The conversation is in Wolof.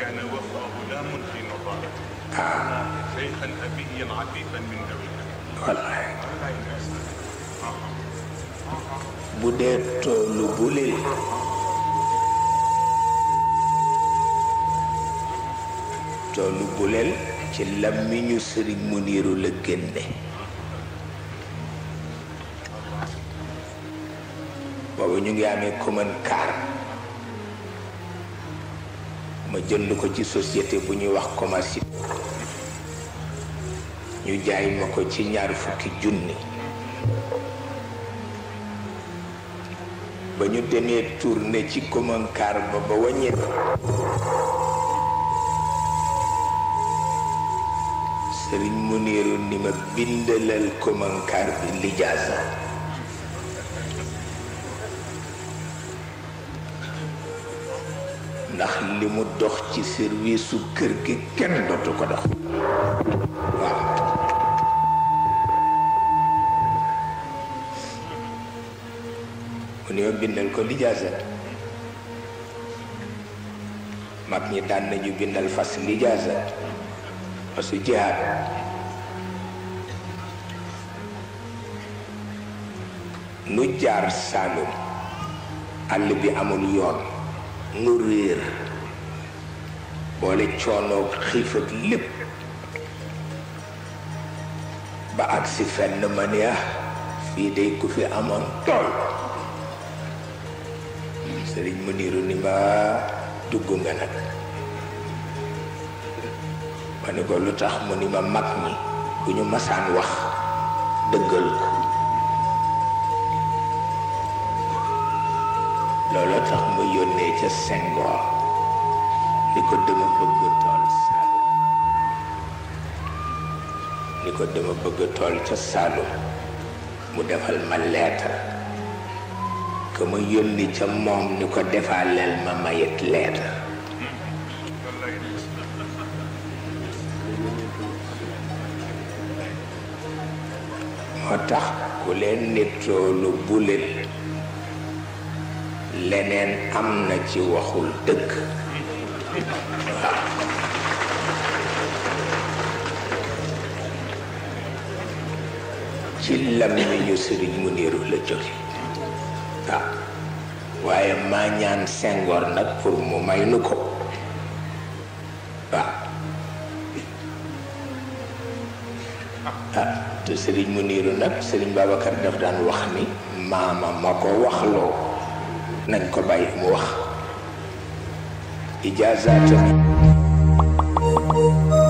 كان وفاه لام في نظاره آه. شيخا ابيا عفيفا من دولته والله bu dee toolu bulil toolu bulil ci làmmiñu sëriñ mu niiru la génne boobu ñu ngi amee commune car ma jënd ko ci société bu ñuy wax commerce ñu jaay ma ko ci ñaar fukki junni ba ñu demee tourné ci komankaar ba ba waññee sëriñ Muniru ni ma bindalal komankaar bi lijaasa ndax li mu dox ci serviisu kër gi kenn dootu ko dox waaw mu ne bindal ko lijaase mag ñi daan nañu bindal fas lijaasa fasu jihaad nu jaar Saalum àll bi amul yoon mu réer boole coonoog lip, ak ba ak si fenn ma ne ah fii ku fi amoon tol serigne muniru ni ba duggu nga nag ko lutax mu ni ma ñu masaan wax deggal ko looloo tax ma yónnee ca Senghor ni ko dama bëgg tool ko dama bëgg tool ca Saalum mu defal ma leetar que ma yónni ca moom ni ko defaaleel ma mayit leetar moo tax ku leen nittoolu bulit Lenen am na ci waxul dëgg ci làmmiñu sëriñ mu niru la jóge ah, waaw waye ma ñaan sengor nak pour mu may nu ko waaw ah. ah te sëriñ mu niru daf daan wax ni mama mako waxlo nañ ko bàyyi mu wax